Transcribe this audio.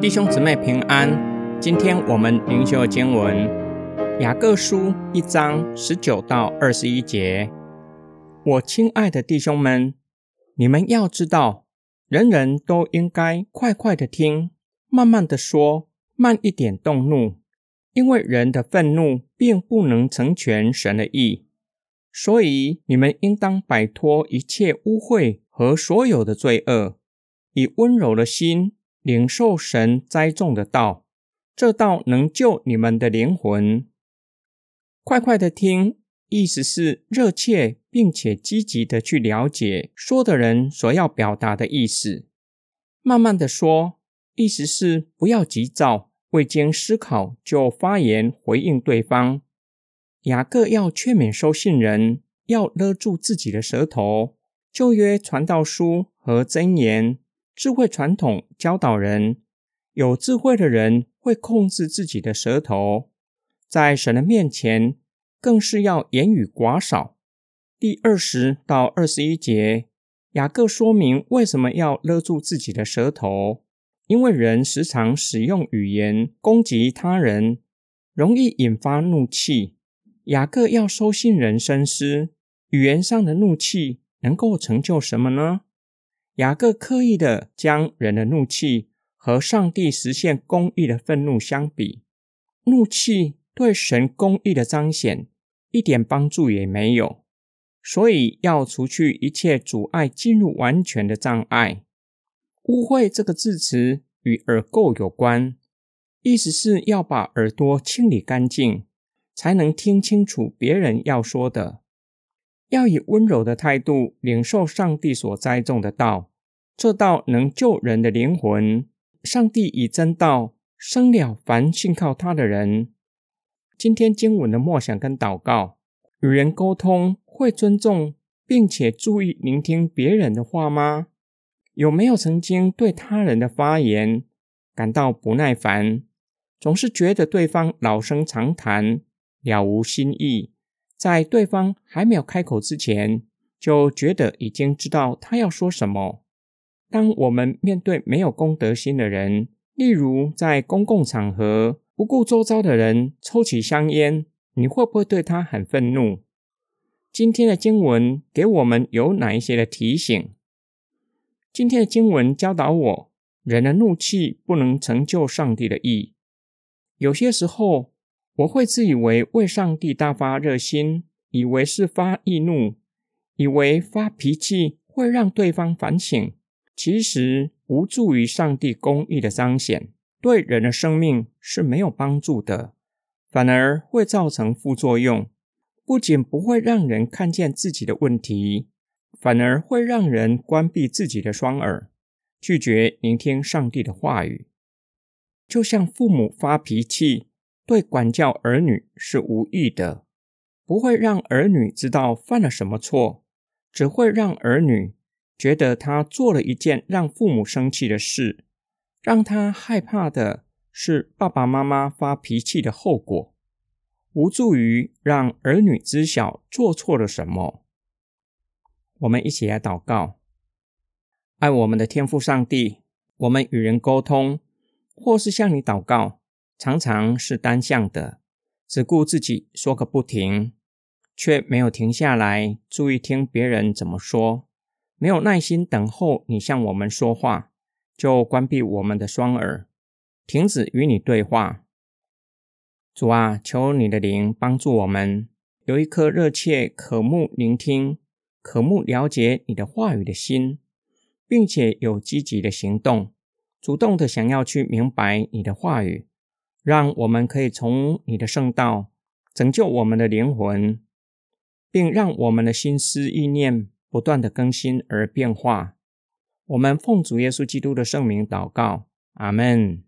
弟兄姊妹平安，今天我們靈修的經文《雅各書》一章十九到二十一節。我親愛的弟兄們，你們要知道，人人都應該快快地聽，慢慢地說，慢一點動怒，因為人的憤怒並不能成全神的義。所以你們應當擺脫一切污穢和所有的罪惡，以溫柔的心。領受神栽種的道，這道能救你們的靈魂。快快的聽，意思是熱切並且積極的去了解說的人所要表達的意思。慢慢的說，意思是不要急躁，未經思考就發言回應對方。雅各要勸勉收信人，要勒住自己的舌頭。舊約傳道書和箴言。智慧傳統教導人，有智慧的人會控制自己的舌頭，在神的面前更是要言語寡少。第二十到二十一節，雅各說明為什麼要勒住自己的舌頭，因為人時常使用語言攻擊他人，容易引發怒氣。雅各要收信人深思，語言上的怒氣能夠成就什麼呢？雅各刻意的將人的怒氣和上帝實現公義的憤怒相比，怒氣對神公義的彰顯一點幫助也沒有，所以要除去一切阻礙進入完全的障礙。污穢這個字詞與耳垢有關，意思是要把耳朵清理乾淨，才能聽清楚別人要說的。要以溫柔的態度領受上帝所栽種的道。這道能救人的靈魂，上帝以真道生了凡信靠他的人。今天經文的默想跟禱告，與人溝通會尊重並且注意聆聽別人的話嗎？有沒有曾經對他人的發言感到不耐煩，總是覺得對方老生常談，了無新意？在對方還沒有開口之前，就覺得已經知道他要說什麼。當我們面對沒有公德心的人，例如在公共場合不顧週遭的人抽起香煙，你會不會對他很憤怒？今天的經文給我們有哪一些的提醒？今天的經文教導我，人的怒氣不能成就上帝的義。有些時候，我會自以為為上帝大發熱心，以為是發義怒，以為發脾氣會讓對方反省。其實無助於上帝公義的彰顯，對人的生命是沒有幫助的，反而會造成副作用。不僅不會讓人看見自己的問題，反而會讓人關閉自己的雙耳，拒絕聆聽上帝的話語。就像父母發脾氣，對管教兒女是無益的，不會讓兒女知道犯了什麼錯，只會讓兒女覺得他做了一件讓父母生氣的事，讓他害怕的是爸爸媽媽發脾氣的後果，無助於讓兒女知曉做錯了什麼。我們一起來禱告。愛我們的天父上帝，我們與人溝通，或是向你禱告，常常是單向的，只顧自己說個不停，卻沒有停下來注意聽別人怎麼說。沒有耐心等候你向我們說話，就關閉我們的雙耳，停止與你對話。主啊，求你的靈幫助我們，有一顆熱切、渴慕聆聽、渴慕了解你的話語的心，並且有積極的行動，主動地想要去明白你的話語，讓我們可以從你的聖道拯救我們的靈魂，並讓我們的心思意念。不斷的更新而變化，我們奉主耶穌基督的聖名禱告，阿門。